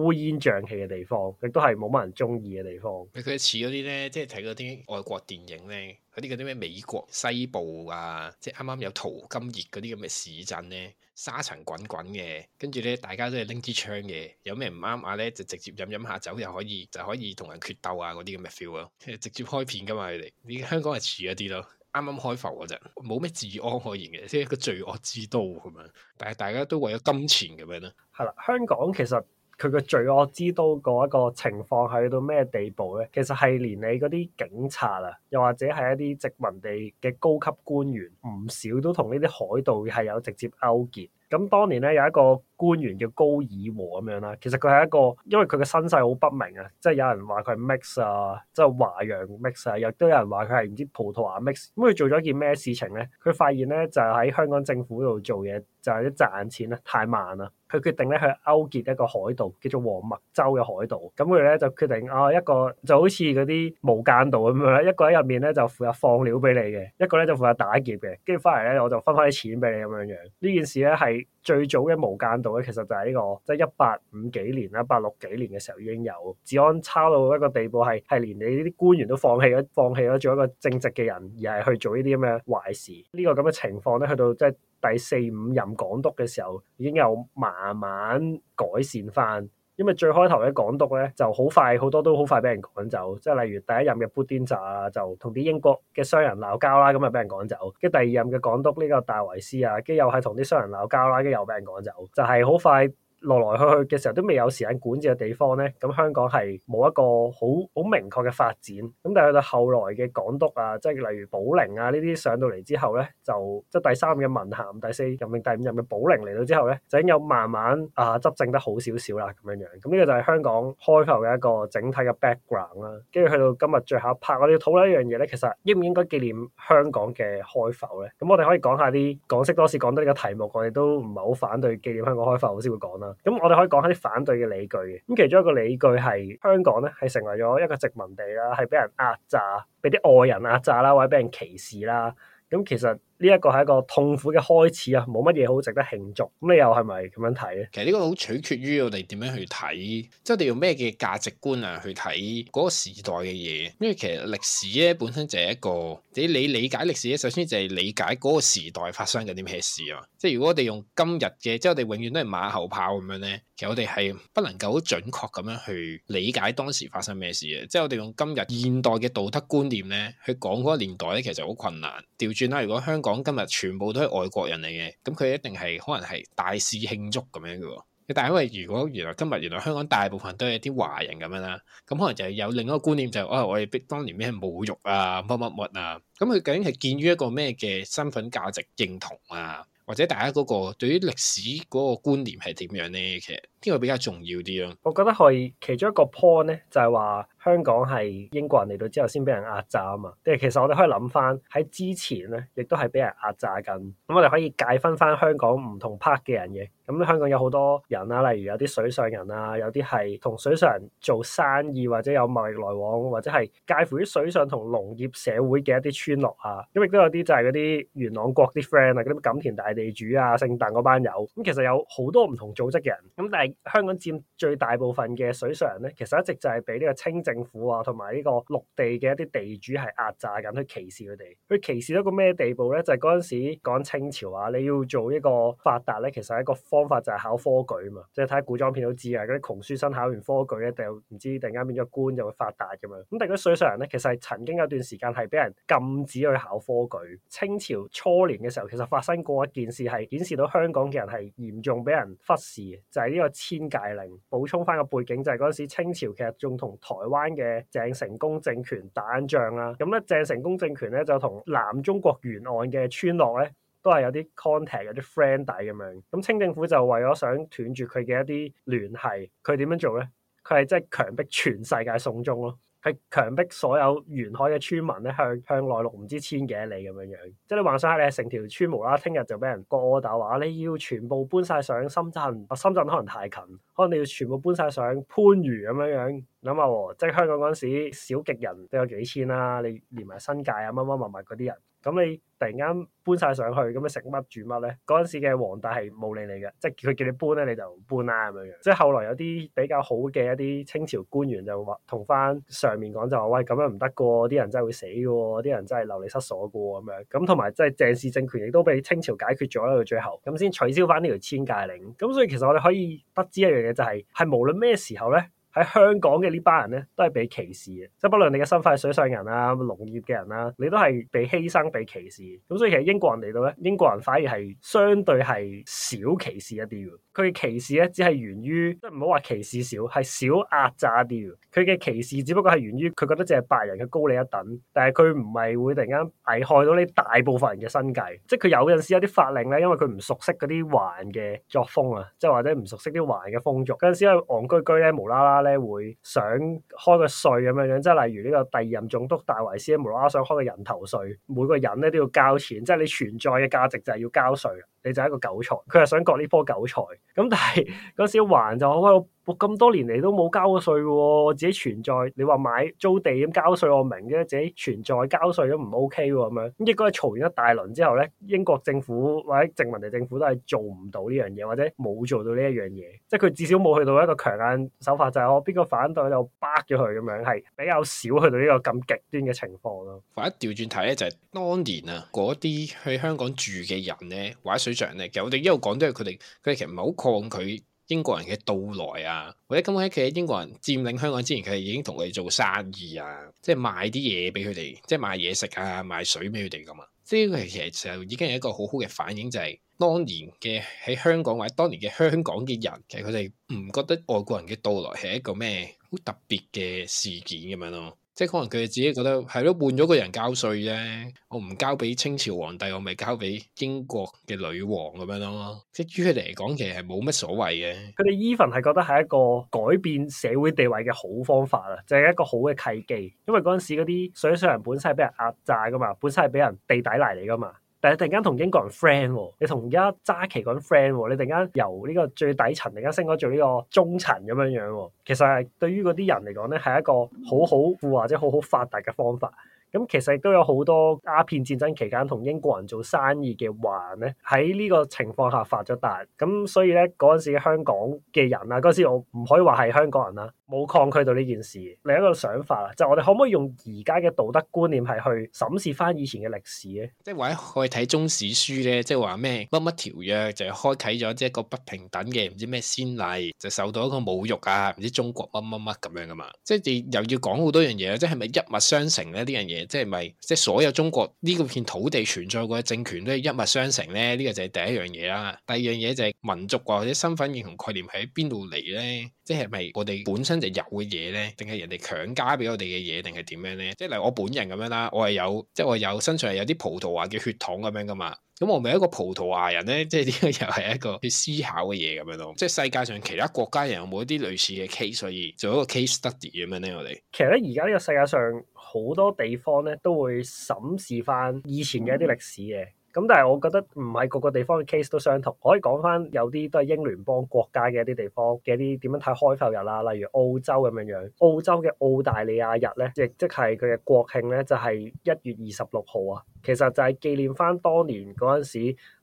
烏煙瘴氣嘅地方，亦都係冇乜人中意嘅地方。佢似嗰啲咧，即係睇嗰啲外國電影咧，嗰啲嗰啲咩美國西部啊，即係啱啱有淘金熱嗰啲咁嘅市鎮咧，沙塵滾滾嘅，跟住咧大家都係拎支槍嘅，有咩唔啱啊咧就直接飲飲下酒又可以，就可以同人決鬥啊嗰啲咁嘅 feel 咯。即係直接開片噶嘛佢哋，你香港係似一啲咯。啱啱開埠嗰陣，冇咩治安可言嘅，即係個罪惡之都咁樣。但係大家都為咗金錢咁樣咯。係啦，香港其實佢個罪惡之都嗰一個情況係到咩地步咧？其實係連你嗰啲警察呀，又或者係一啲殖民地嘅高級官員，唔少都同呢啲海盜係有直接勾結。咁當年咧，有一個官員叫高爾和咁樣啦，其實佢係一個，因為佢嘅身世好不明啊，即係有人話佢係 mix 啊，即係華洋 mix 啊，亦都有人話佢係唔知葡萄牙 mix。咁佢做咗件咩事情咧？佢發現咧，就係喺香港政府度做嘢，就係啲賺錢咧太慢啦。佢決定咧去勾結一個海盜，叫做黃墨洲嘅海盜。咁佢咧就決定，哦、啊、一個就好似嗰啲無間道咁樣啦，一個喺入面咧就負責放料俾你嘅，一個咧就負責打劫嘅。跟住翻嚟咧，我就分翻啲錢俾你咁樣樣。呢件事咧係。最早嘅無間道咧，其實就係呢個，即係一八五幾年啦，八六幾年嘅時候已經有治安差到一個地步，係係連你啲官員都放棄咗，放棄咗做一個正直嘅人，而係去做呢啲咁嘅壞事。呢個咁嘅情況咧，去到即係第四五任港督嘅時候，已經有慢慢改善翻。因為最開頭嘅港督咧，就好快，好多都好快俾人趕走，即係例如第一任嘅砵甸乍就同啲英國嘅商人鬧交啦，咁啊俾人趕走；跟第二任嘅港督呢個戴維斯啊，又跟又係同啲商人鬧交啦，跟又俾人趕走，就係好快。來來去去嘅時候都未有時間管治嘅地方咧，咁香港係冇一個好好明確嘅發展。咁但係到後來嘅港督啊，即係例如保寧啊呢啲上到嚟之後咧，就即係第三任嘅文咸、第四任、第五任嘅保寧嚟到之後咧，就有慢慢啊執政得好少少啦咁樣樣。咁、這、呢個就係香港開埠嘅一個整體嘅 background 啦。跟住去到今日最後拍一 part，我哋要討論一樣嘢咧，其實應唔應該紀念香港嘅開埠咧？咁我哋可以講下啲港識多史講到呢個題目，我哋都唔係好反對紀念香港開埠，我先會講啦。咁我哋可以講下啲反對嘅理據嘅，咁其中一個理據係香港咧係成為咗一個殖民地啦，係俾人壓榨，俾啲外人壓榨啦，或者俾人歧視啦，咁其實。呢一個係一個痛苦嘅開始啊，冇乜嘢好值得慶祝。咁你又係咪咁樣睇咧？其實呢個好取決於我哋點樣去睇，即係我哋用咩嘅價值觀啊去睇嗰個時代嘅嘢。因為其實歷史咧本身就係一個你你理解歷史咧，首先就係理解嗰個時代發生緊啲咩事啊。即係如果我哋用今日嘅，即係我哋永遠都係馬後炮咁樣咧，其實我哋係不能夠好準確咁樣去理解當時發生咩事嘅。即係我哋用今日現代嘅道德觀念咧去講嗰個年代咧，其實好困難。調轉啦，如果香港，講今日全部都係外國人嚟嘅。咁佢一定係可能係大肆慶祝咁樣嘅。但係因為如果原來今日原來香港大部分都係一啲華人咁樣啦，咁可能就係有另一個觀念就係、是哎、我哋當年咩侮辱啊乜乜乜啊，咁佢究竟係建於一個咩嘅身份價值認同啊，或者大家嗰、嗰個對於歷史嗰個觀念係點樣咧？其實。呢個比較重要啲咯，我覺得可以其中一個 point 咧，就係、是、話香港係英國人嚟到之後先俾人壓榨啊嘛。但係其實我哋可以諗翻喺之前咧，亦都係俾人壓榨緊。咁、嗯、我哋可以界分翻香港唔同 part 嘅人嘅。咁、嗯、香港有好多人啊，例如有啲水上人啊，有啲係同水上人做生意或者有貿易來往，或者係介乎於水上同農業社會嘅一啲村落啊。咁、嗯、亦都有啲就係嗰啲元朗國啲 friend 啊，嗰啲錦田大地主啊、聖誕嗰班友。咁、嗯、其實有好多唔同組織嘅人。咁、嗯、但係香港佔最大部分嘅水上人咧，其實一直就係俾呢個清政府啊，同埋呢個陸地嘅一啲地主係壓榨緊，去歧視佢哋。佢歧視到個咩地步咧？就係嗰陣時講清朝啊，你要做一個發達咧，其實係一個方法就係考科舉啊嘛。即係睇古裝片都知啊，嗰啲窮書生考完科舉咧，就唔知突然間變咗官，就會發達咁樣。咁但係啲水上人咧，其實係曾經有段時間係俾人禁止去考科舉。清朝初年嘅時候，其實發生過一件事，係顯示到香港嘅人係嚴重俾人忽視嘅，就係呢個。遷界令，補充翻個背景就係嗰陣時清朝其實仲同台灣嘅鄭成功政權打仗啦。咁咧，鄭成功政權咧就同南中國沿岸嘅村落咧都係有啲 contact、有啲 friend 底咁樣。咁清政府就為咗想斷絕佢嘅一啲聯繫，佢點樣做咧？佢係即係強迫全世界送中咯。係強迫所有沿海嘅村民咧，向向內陸唔知千幾里咁樣樣，即係你幻想下，你係成條村無啦，聽日就俾人過，但係話你要全部搬晒上深圳，啊，深圳可能太近，可能你要全部搬晒上番禺咁樣樣，諗下即係香港嗰陣時少極人，都有幾千啦，啊，你連埋新界啊，乜乜物物嗰啲人。咁你突然間搬晒上去，咁你食乜住乜咧？嗰陣時嘅皇帝係冇理你嘅，即係佢叫你搬咧你就搬啦咁樣。即係後來有啲比較好嘅一啲清朝官員就話同翻上面講就話，喂咁樣唔得㗎喎，啲人真係會死嘅喎，啲人真係流離失所嘅喎咁樣。咁同埋即係鄭氏政權亦都俾清朝解決咗到最後，咁先取消翻呢條遷界令。咁所以其實我哋可以得知一樣嘢就係、係，係無論咩時候咧。喺香港嘅呢班人咧，都係被歧視嘅，即係不論你嘅身份係水上人啊、農業嘅人啊，你都係被犧牲、被歧視。咁所以其實英國人嚟到咧，英國人反而係相對係少歧視一啲嘅。佢嘅歧視咧，只係源於即係唔好話歧視少，係少壓榨啲嘅。佢嘅歧視只不過係源於佢覺得淨係白人嘅高你一等，但係佢唔係會突然間危害到你大部分人嘅生計。即係佢有陣時有啲法令咧，因為佢唔熟悉嗰啲華人嘅作風啊，即係或者唔熟悉啲華人嘅風俗，有陣時咧戇居居咧無啦啦。咧會想開個稅咁樣樣，即係例如呢個第二任總督戴維斯無啦啦想開個人頭稅，每個人咧都要交錢，即係你存在嘅價值就係要交稅。你就係一個韭菜，佢係想割呢棵韭菜。咁但係嗰時還就我我咁多年嚟都冇交過稅喎，自己存在。你話買租地咁交稅我明，嘅。自己存在交稅都唔 OK 喎咁樣。亦結果嘈完一大輪之後咧，英國政府或者殖民地政府都係做唔到呢樣嘢，或者冇做到呢一樣嘢。即係佢至少冇去到一個強硬手法，就係、是、我邊個反對就巴咗佢咁樣，係比較少去到呢個咁極端嘅情況咯。或者調轉睇咧，就係、是、當年啊嗰啲去香港住嘅人咧，或者。咧，其實我哋一路講都係佢哋，佢哋其實唔係好抗拒英國人嘅到來啊。或者咁樣咧，其實英國人佔領香港之前，佢哋已經同佢哋做生意啊，即係賣啲嘢俾佢哋，即係賣嘢食啊，賣水俾佢哋㗎嘛。即係其實其實已經係一個好好嘅反應，就是，就係當年嘅喺香港或者當年嘅香港嘅人其實佢哋唔覺得外國人嘅到來係一個咩好特別嘅事件咁樣咯。即係可能佢哋自己覺得係咯，換咗個人交稅啫。我唔交俾清朝皇帝，我咪交俾英國嘅女王咁樣咯。即係於佢哋嚟講，其實係冇乜所謂嘅。佢哋 even 係覺得係一個改變社會地位嘅好方法啊，就係一個好嘅契機。因為嗰陣時嗰啲水上人本身係俾人壓榨噶嘛，本身係俾人地底泥嚟噶嘛。但係突然間同英國人 friend，、哦、你同而家揸旗講 friend，、哦、你突然間由呢個最底層突然間升咗做呢個中層咁樣樣、哦，其實係對於嗰啲人嚟講咧，係一個好好富或者好好發達嘅方法。咁其實亦都有好多鴉片戰爭期間同英國人做生意嘅華人咧，喺呢個情況下發咗達。咁所以咧，嗰陣時香港嘅人啦，嗰陣時我唔可以話係香港人啦。冇抗拒到呢件事。另一個想法啊，就係我哋可唔可以用而家嘅道德觀念係去審視翻以前嘅歷史咧？即係或者可以睇《中史書》咧，即係話咩乜乜條約就係開啟咗即係一個不平等嘅唔知咩先例，就受到一個侮辱啊！唔知中國乜乜乜咁樣噶嘛？即係又要講好多樣嘢，即係咪一脈相承咧？呢樣嘢即係咪即係所有中國呢個片土地存在過嘅政權都係一脈相承咧？呢個就係第一樣嘢啦。第二樣嘢就係民族或者身份認同概念喺邊度嚟咧？即係咪我哋本身？就有嘅嘢咧，定係人哋強加俾我哋嘅嘢，定係點樣咧？即係例如我本人咁樣啦，我係有即係我有身上係有啲葡萄牙嘅血統咁樣噶嘛。咁我咪一個葡萄牙人咧，即係點解又係一個去思考嘅嘢咁樣咯。即係世界上其他國家人有冇一啲類似嘅 case，所以做一個 case study 咁樣咧。我哋其實咧，而家呢個世界上好多地方咧都會審視翻以前嘅一啲歷史嘅。嗯咁但係我覺得唔係個個地方嘅 case 都相同，可以講翻有啲都係英聯邦國家嘅一啲地方嘅一啲點樣睇開埠日啦，例如澳洲咁樣樣。澳洲嘅澳大利亞日咧，亦即係佢嘅國慶咧，就係一月二十六號啊。其實就係紀念翻當年嗰陣時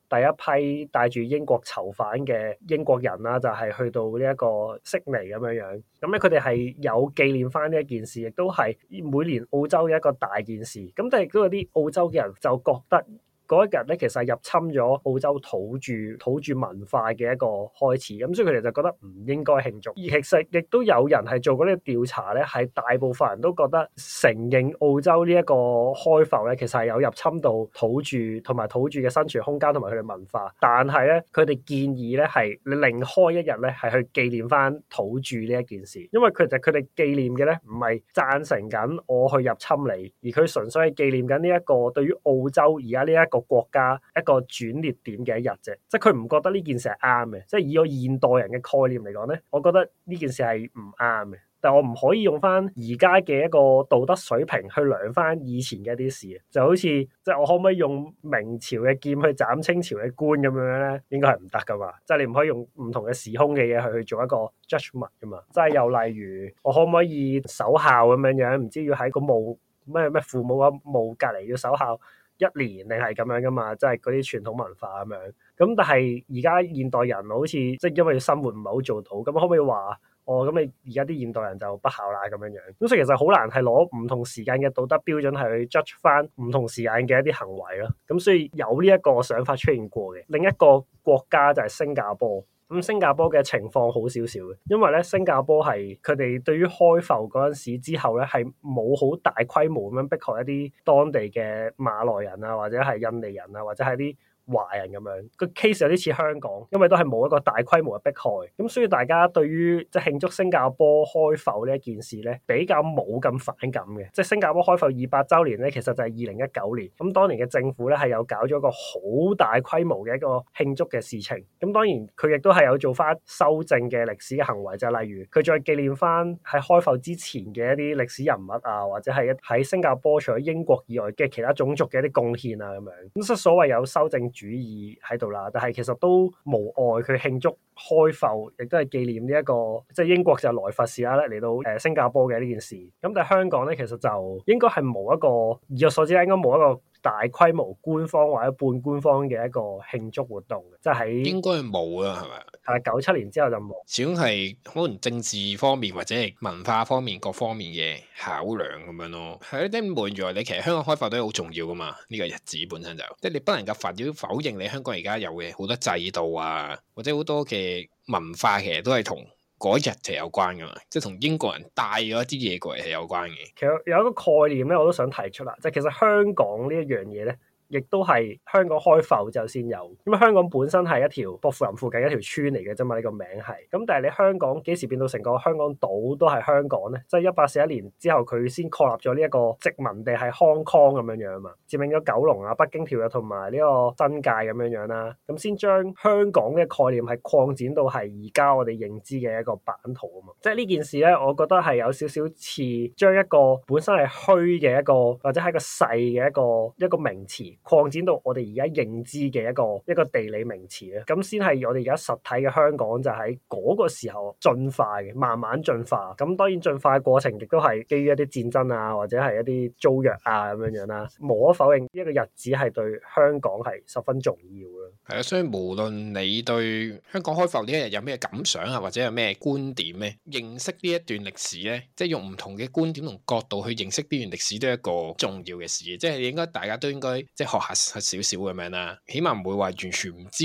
第一批帶住英國囚犯嘅英國人啦，就係、是、去到呢一個悉尼咁樣樣。咁咧佢哋係有紀念翻呢一件事，亦都係每年澳洲嘅一個大件事。咁但係嗰個啲澳洲嘅人就覺得。嗰一日咧，其實係入侵咗澳洲土著土著文化嘅一個開始，咁、嗯、所以佢哋就覺得唔應該慶祝。而其實亦都有人係做過呢啲調查咧，係大部分人都覺得承認澳洲呢一個開埠咧，其實係有入侵到土著同埋土著嘅生存空間同埋佢哋文化。但係咧，佢哋建議咧係你另開一日咧係去紀念翻土著呢一件事，因為佢就佢哋紀念嘅咧唔係贊成緊我去入侵你，而佢純粹係紀念緊呢一個對於澳洲而家呢一個個國家一個轉捩點嘅一日啫，即係佢唔覺得呢件事係啱嘅，即係以我現代人嘅概念嚟講咧，我覺得呢件事係唔啱嘅。但係我唔可以用翻而家嘅一個道德水平去量翻以前嘅一啲事，就好似即係我可唔可以用明朝嘅劍去斬清朝嘅官咁樣咧？應該係唔得噶嘛，即係你唔可以用唔同嘅時空嘅嘢，去去做一個 judgement 噶嘛。即係又例如我可唔可以守孝咁樣樣？唔知要喺個墓咩咩父母嘅墓隔籬要守孝？一年你係咁樣噶嘛，即係嗰啲傳統文化咁樣。咁但係而家現代人好似即係因為生活唔係好做到，咁可唔可以話哦，咁你而家啲現代人就不孝啦咁樣樣？咁所以其實好難係攞唔同時間嘅道德標準係去 judge 翻唔同時間嘅一啲行為咯。咁所以有呢一個想法出現過嘅，另一個國家就係新加坡。咁新加坡嘅情況好少少嘅，因為咧新加坡係佢哋對於開埠嗰陣時之後咧，係冇好大規模咁樣逼害一啲當地嘅馬來人啊，或者係印尼人啊，或者係啲。華人咁樣個 case 有啲似香港，因為都係冇一個大規模嘅迫害，咁所以大家對於即係慶祝新加坡開埠呢一件事咧，比較冇咁反感嘅。即係新加坡開埠二百週年咧，其實就係二零一九年，咁當年嘅政府咧係有搞咗個好大規模嘅一個慶祝嘅事情。咁當然佢亦都係有做翻修正嘅歷史嘅行為，就例如佢再紀念翻喺開埠之前嘅一啲歷史人物啊，或者係一喺新加坡除咗英國以外嘅其他種族嘅一啲貢獻啊咁樣。咁所所謂有修正。主義喺度啦，但係其實都無礙佢慶祝開埠，亦都係紀念呢、這、一個，即係英國就係萊佛士啊咧嚟到誒新加坡嘅呢件事。咁但係香港咧，其實就應該係冇一個，以我所知咧，應該冇一個。大規模官方或者半官方嘅一個慶祝活動，即係應該冇啊，係咪？係九七年之後就冇。始終係可能政治方面或者係文化方面各方面嘅考量咁樣咯。係咧，當然唔話你其實香港開發都係好重要噶嘛。呢個日子本身就即係你不能夠反要否認你香港而家有嘅好多制度啊，或者好多嘅文化其實都係同。嗰日就係有關噶嘛，即係同英國人帶咗一啲嘢過嚟係有關嘅。其實有一個概念咧，我都想提出啦，就其實香港呢一樣嘢咧。亦都係香港開埠就先有，咁香港本身係一條薄扶林附近一條村嚟嘅啫嘛，呢個名係。咁但係你香港幾時變到成個香港島都係香港咧？即係一八四一年之後，佢先確立咗呢一個殖民地係香港咁樣樣啊嘛。佔領咗九龍啊、北京條約同埋呢個新界咁樣樣啦，咁先將香港嘅概念係擴展到係而家我哋認知嘅一個版圖啊嘛。即係呢件事咧，我覺得係有少少似將一個本身係虛嘅一個，或者係一個細嘅一個一個名詞。擴展到我哋而家認知嘅一個一個地理名詞咧，咁先係我哋而家實體嘅香港，就喺嗰個時候進化嘅，慢慢進化。咁當然進化嘅過程亦都係基於一啲戰爭啊，或者係一啲租約啊，咁樣樣啦。無可否認呢一個日子係對香港係十分重要嘅。係啊，所以無論你對香港開埠呢一日有咩感想啊，或者有咩觀點咧，認識呢一段歷史咧，即係用唔同嘅觀點同角度去認識呢段歷史，都係一個重要嘅事。即係應該大家都應該即係學下少少咁樣啦，起碼唔會話完全唔知。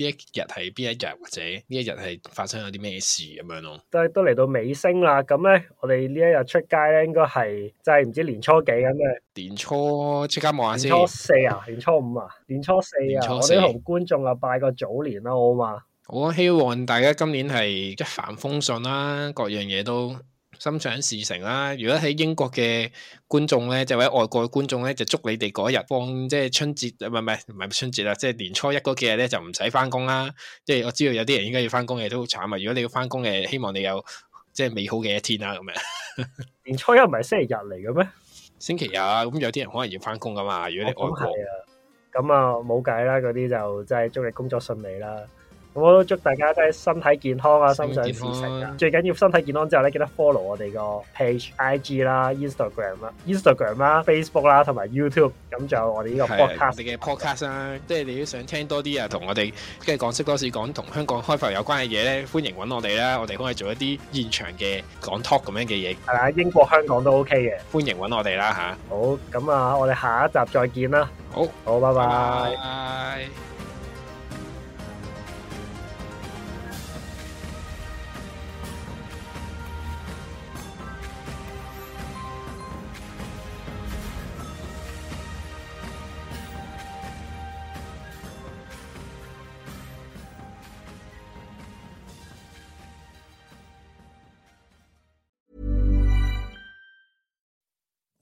呢一日係邊一日，或者呢一日係發生咗啲咩事咁樣咯？都都嚟到尾聲啦，咁咧我哋呢一日出街咧，應該係即係唔知年初幾咁嘅。年初出街望下先。看看年初四啊，年初五啊，年初四啊，四我哋同觀眾啊拜個早年啦，好嘛？我、啊、希望大家今年係一帆風順啦、啊，各樣嘢都。心想事成啦！如果喺英國嘅觀眾咧，就或者外國嘅觀眾咧，就祝你哋嗰日放即係春節，唔係唔係唔係春節啦，即係、就是、年初一嗰幾日咧就唔使翻工啦。即係我知道有啲人應該要翻工嘅都好慘啊！如果你要翻工嘅，希望你有即係美好嘅一天啦咁樣。年初一唔係星期日嚟嘅咩？星期日咁有啲人可能要翻工噶嘛。如果你外國咁係啊，咁啊冇計啦，嗰啲就即係祝你工作順利啦。我都祝大家都係身體健康啊，心想事成。啊康。最緊要身體健康之後咧，記得 follow 我哋個 page 的、IG 啦、啊、Instagram 啦、啊、Instagram 啦、啊、Facebook 啦，同埋 YouTube。咁就我哋呢個 podcast。嘅 podcast 啦。即係你都想聽多啲啊，同我哋跟住港識多史講同香港開埠有關嘅嘢咧，歡迎揾我哋啦。我哋可以做一啲現場嘅講 talk 咁樣嘅嘢。係啊，英國香港都 OK 嘅。歡迎揾我哋啦吓，啊、好，咁啊，我哋下一集再見啦。好好，拜拜。